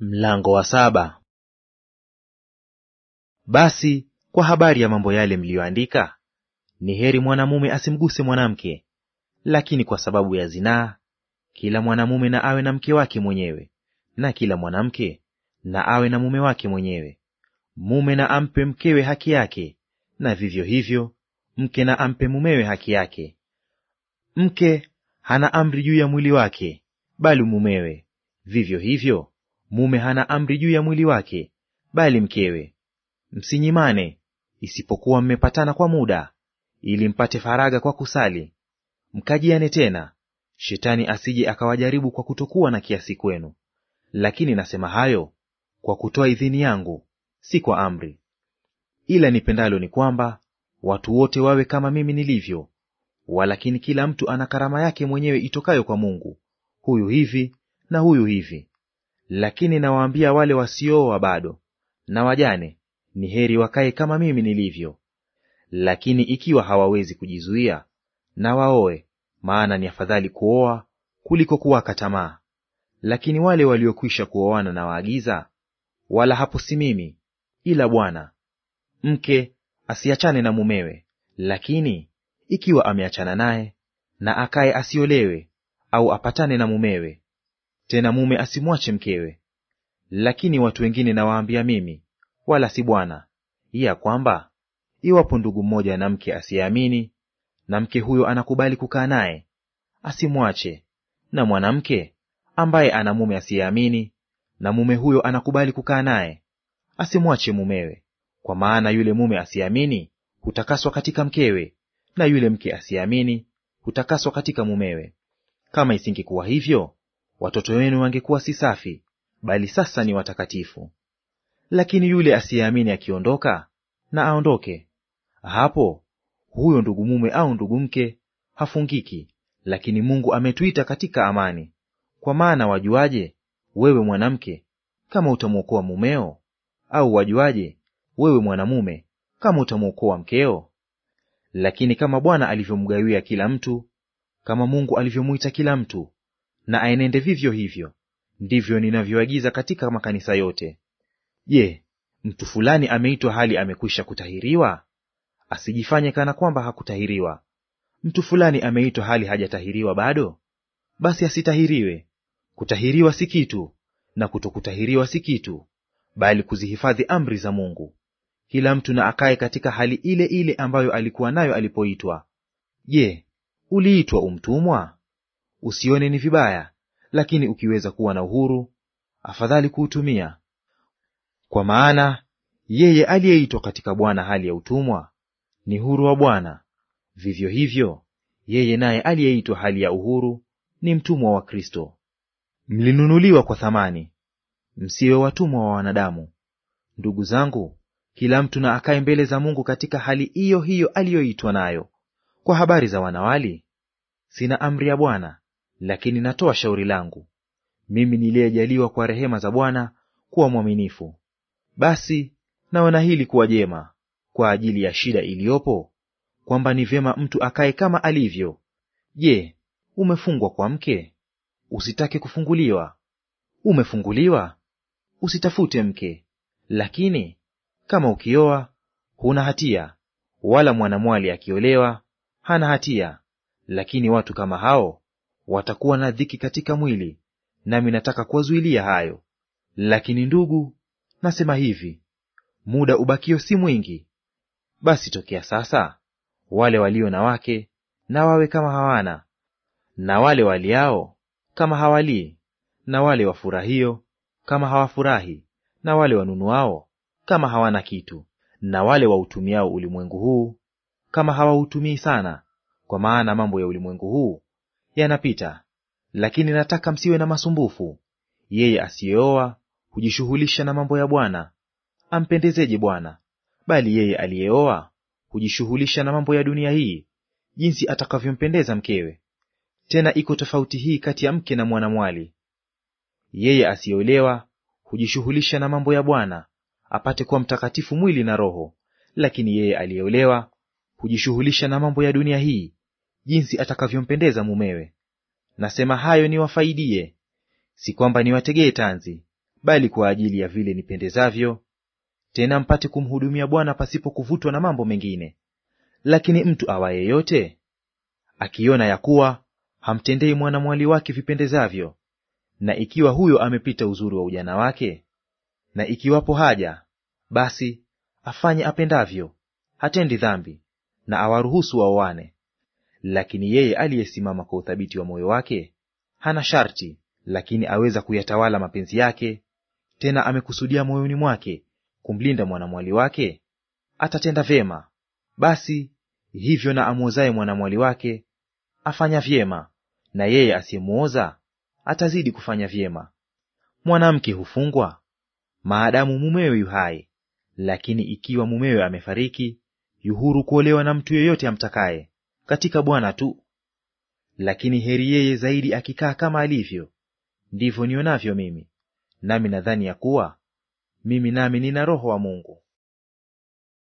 Mlango wa saba. Basi kwa habari ya mambo yale mliyoandika, ni heri mwanamume asimguse mwanamke. Lakini kwa sababu ya zinaa, kila mwanamume na awe na mke wake mwenyewe, na kila mwanamke na awe na mume wake mwenyewe. Mume na ampe mkewe haki yake, na vivyo hivyo mke na ampe mumewe haki yake. Mke hana amri juu ya mwili wake, bali mumewe; vivyo hivyo mume hana amri juu ya mwili wake, bali mkewe. Msinyimane, isipokuwa mmepatana kwa muda, ili mpate faraga kwa kusali, mkajiane tena, shetani asije akawajaribu kwa kutokuwa na kiasi kwenu. Lakini nasema hayo kwa kutoa idhini yangu, si kwa amri. Ila nipendalo ni kwamba watu wote wawe kama mimi nilivyo, walakini kila mtu ana karama yake mwenyewe itokayo kwa Mungu, huyu hivi na huyu hivi. Lakini nawaambia wale wasiooa bado na wajane, ni heri wakae kama mimi nilivyo. Lakini ikiwa hawawezi kujizuia, na waoe, maana ni afadhali kuoa kuliko kuwaka tamaa. Lakini wale waliokwisha kuoana na waagiza, wala hapo si mimi, ila Bwana. Mke asiachane na mumewe. Lakini ikiwa ameachana naye, na akaye asiolewe au apatane na mumewe, tena mume asimwache mkewe. Lakini watu wengine nawaambia mimi, wala si Bwana, ya kwamba iwapo ndugu mmoja na mke asiyeamini, na mke huyo anakubali kukaa naye, asimwache. Na mwanamke ambaye ana mume asiyeamini, na mume huyo anakubali kukaa naye, asimwache mumewe. Kwa maana yule mume asiyeamini hutakaswa katika mkewe, na yule mke asiyeamini hutakaswa katika mumewe. Kama isingekuwa hivyo, watoto wenu wangekuwa si safi, bali sasa ni watakatifu. Lakini yule asiyeamini akiondoka, na aondoke; hapo huyo ndugu mume au ndugu mke hafungiki, lakini Mungu ametuita katika amani. Kwa maana wajuaje, wewe mwanamke, kama utamwokoa mumeo? Au wajuaje, wewe mwanamume, kama utamwokoa mkeo? Lakini kama Bwana alivyomgawia kila mtu, kama Mungu alivyomwita kila mtu, na aenende vivyo hivyo. Ndivyo ninavyoagiza katika makanisa yote. Je, mtu fulani ameitwa hali amekwisha kutahiriwa? Asijifanye kana kwamba hakutahiriwa. Mtu fulani ameitwa hali hajatahiriwa bado, basi asitahiriwe. Kutahiriwa si kitu na kutokutahiriwa si kitu, bali kuzihifadhi amri za Mungu. Kila mtu na akae katika hali ile ile ambayo alikuwa nayo alipoitwa. Je, uliitwa umtumwa? Usione ni vibaya, lakini ukiweza kuwa na uhuru, afadhali kuutumia. Kwa maana yeye aliyeitwa katika Bwana hali ya utumwa ni huru wa Bwana; vivyo hivyo yeye naye aliyeitwa hali ya uhuru ni mtumwa wa Kristo. Mlinunuliwa kwa thamani, msiwe watumwa wa wanadamu. Ndugu zangu, kila mtu na akae mbele za Mungu katika hali hiyo hiyo aliyoitwa nayo. Kwa habari za wanawali, sina amri ya Bwana, lakini natoa shauri langu, mimi niliyejaliwa kwa rehema za Bwana kuwa mwaminifu. Basi naona hili kuwa jema kwa ajili ya shida iliyopo, kwamba ni vyema mtu akae kama alivyo. Je, umefungwa kwa mke? Usitake kufunguliwa. Umefunguliwa? Usitafute mke. Lakini kama ukioa, huna hatia, wala mwanamwali akiolewa hana hatia. Lakini watu kama hao watakuwa na dhiki katika mwili, nami nataka kuwazuilia hayo. Lakini ndugu, nasema hivi, muda ubakio si mwingi. Basi tokea sasa, wale walio na wake na wawe kama hawana, na wale waliao kama hawalii, na wale wafurahio kama hawafurahi, na wale wanunuao kama hawana kitu, na wale wautumiao ulimwengu huu kama hawautumii sana, kwa maana mambo ya ulimwengu huu yanapita. Lakini nataka msiwe na masumbufu. Yeye asiyeoa hujishughulisha na mambo ya Bwana, ampendezeje Bwana; bali yeye aliyeoa hujishughulisha na mambo ya dunia hii, jinsi atakavyompendeza mkewe. Tena iko tofauti hii kati ya mke na mwanamwali. Yeye asiyeolewa hujishughulisha na mambo ya Bwana, apate kuwa mtakatifu mwili na roho. Lakini yeye aliyeolewa hujishughulisha na mambo ya dunia hii, jinsi atakavyompendeza mumewe. Nasema hayo niwafaidie, si kwamba niwategee tanzi, bali kwa ajili ya vile nipendezavyo, tena mpate kumhudumia Bwana pasipo kuvutwa na mambo mengine. Lakini mtu awa yeyote akiona ya kuwa hamtendei mwanamwali wake vipendezavyo, na ikiwa huyo amepita uzuri wa ujana wake, na ikiwapo haja, basi afanye apendavyo, hatendi dhambi, na awaruhusu waoane. Lakini yeye aliyesimama kwa uthabiti wa moyo wake hana sharti, lakini aweza kuyatawala mapenzi yake, tena amekusudia moyoni mwake kumlinda mwanamwali wake, atatenda vyema. Basi hivyo na amwozaye mwanamwali wake afanya vyema, na yeye asiyemwoza atazidi kufanya vyema. Mwanamke hufungwa maadamu mumewe yu hai, lakini ikiwa mumewe amefariki, yuhuru kuolewa na mtu yeyote amtakaye, katika Bwana tu. Lakini heri yeye zaidi akikaa kama alivyo. Ndivyo nionavyo mimi, nami nadhani ya kuwa mimi nami nina Roho wa Mungu.